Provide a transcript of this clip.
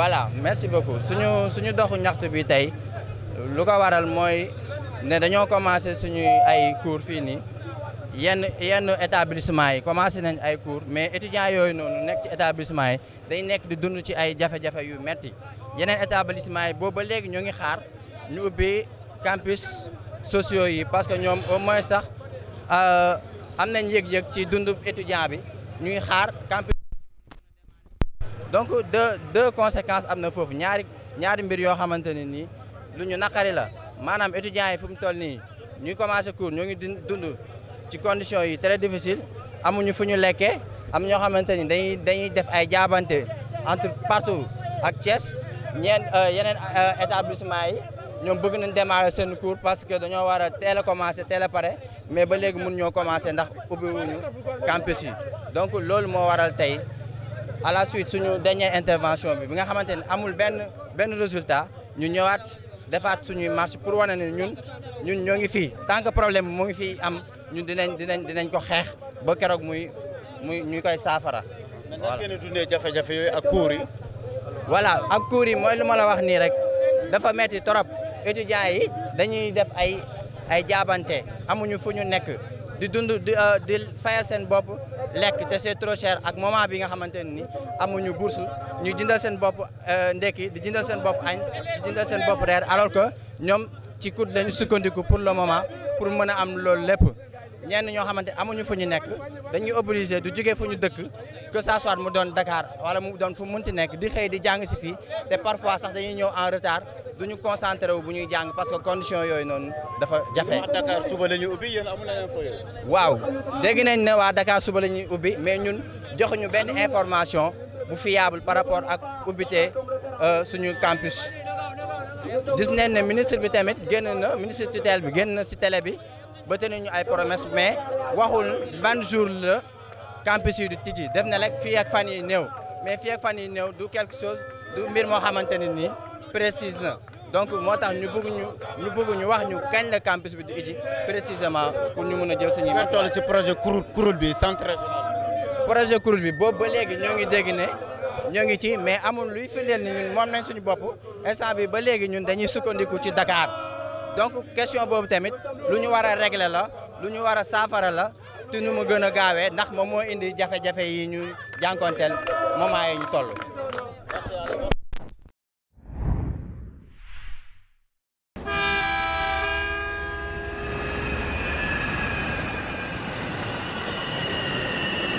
voilà merci beaucoup suñu suñu doxu ñaxtu bi tey lu ko waral mooy ne dañoo commencé suñu ay cours fii nii yenn yenn établissement yi commencé nañ ay cours mais étudiants yooyu noonu nekk ci établissement yi dañ nekk di dund ci ay jafe-jafe yu metti yeneen établissement yi boobu ba léegi ñu ngi xaar ñu ubbi campus sociaux yi parce que ñoom au moins sax euh, am nañ yëg-yëg ci dund étudiant bi ñu ngi xaar campus donc deux deux conséquences am na foofu ñaari ñaari mbir yoo xamante ne nii lu ñu naqari la maanaam étudiants yi fu mu toll nii ñuy commencé cours ñoo ngi dund ci conditions yi très difficile amuñu fu ñu lekkee am ñoo xamante ni dañuy dañuy def ay jaabante entre partout ak Thiès ñeen euh, yeneen euh, établissement yi ñoom bëgg nañ démarrer seen cours parce que dañoo war a a commencé teel a pare mais ba léegi mun ñoo commencé ndax ubbiwuñu campus yi donc loolu moo waral tey à la suite suñu dernière intervention bi bi nga xamante ne amul benn benn résultat ñu ñëwaat defaat suñuy marche pour wane ne ñun ñun ñoo ngi fii tant que problème mu ngi fii am ñun dinañ dinañ dinañ ko xeex ba keroog muy muy ñu koy saafara. voilà ngeen yooyu ak cours yi. voilà ak cours yi mooy lu ma wax nii rek dafa metti trop étudiants yi dañuy def ay ay jaabante amuñu fu ñu nekk di dund di euh, di fayal seen bopp. lekk te c'est trop ak moment bi nga xamante ne ni amuñu bourse ñu jindal seen bopp euh, ndekki di jëndal seen bopp añ di jëndal seen bopp reer alors que ñoom ci kut lañu sukkandiku pour le moment pour mën a am loolu lépp ñenn ñoo xamante amuñu fu ñu nekk dañu obligé du jógee fu ñu dëkk que ça soit mu doon Dakar wala mu doon fu mu munti nekk di xëy di jàng si fii te parfois sax dañuy ñëw en retard du ñu concentré wu bu ñuy jàng parce que condition yooyu noonu dafa jafe. Dakar la ñuy ubbi yéen waaw dégg nañ ne waa Dakar suba la ñuy ubbi mais ñun joxuñu benn information bu fiable par rapport ak ubbite euh, suñu campus. gis nañ ne ministre bi tamit génn na ministre tutelle bi génn na si tele bi ba te ñu ay promesse mais waxul ban jour la campus yi du tijji def na rek fii ak fan yi néew mais fii ak fan yi néew du quelque chose du mbir moo xamante ne nii précise na donc moo tax ñu bëgg ñu ñu ñu wax ñu kañ le campus bi du tijji précisément pour ñu mën a jël suñu. toll si projet kuréel kuréel bi centre régional projet kuréel bi boobu ba léegi ñoo ngi dégg ne ñoo ngi ci mais amul luy firndeel ni ñun moom nañ suñu bopp instant bi ba léegi ñun dañuy sukkandiku ci Dakar donc question boobu tamit lu ñu war a régler la lu ñu war a saafara la te ñu mu gën a gaawee ndax moom moo indi jafe-jafe yi ñu jànkonteel moment yi ñu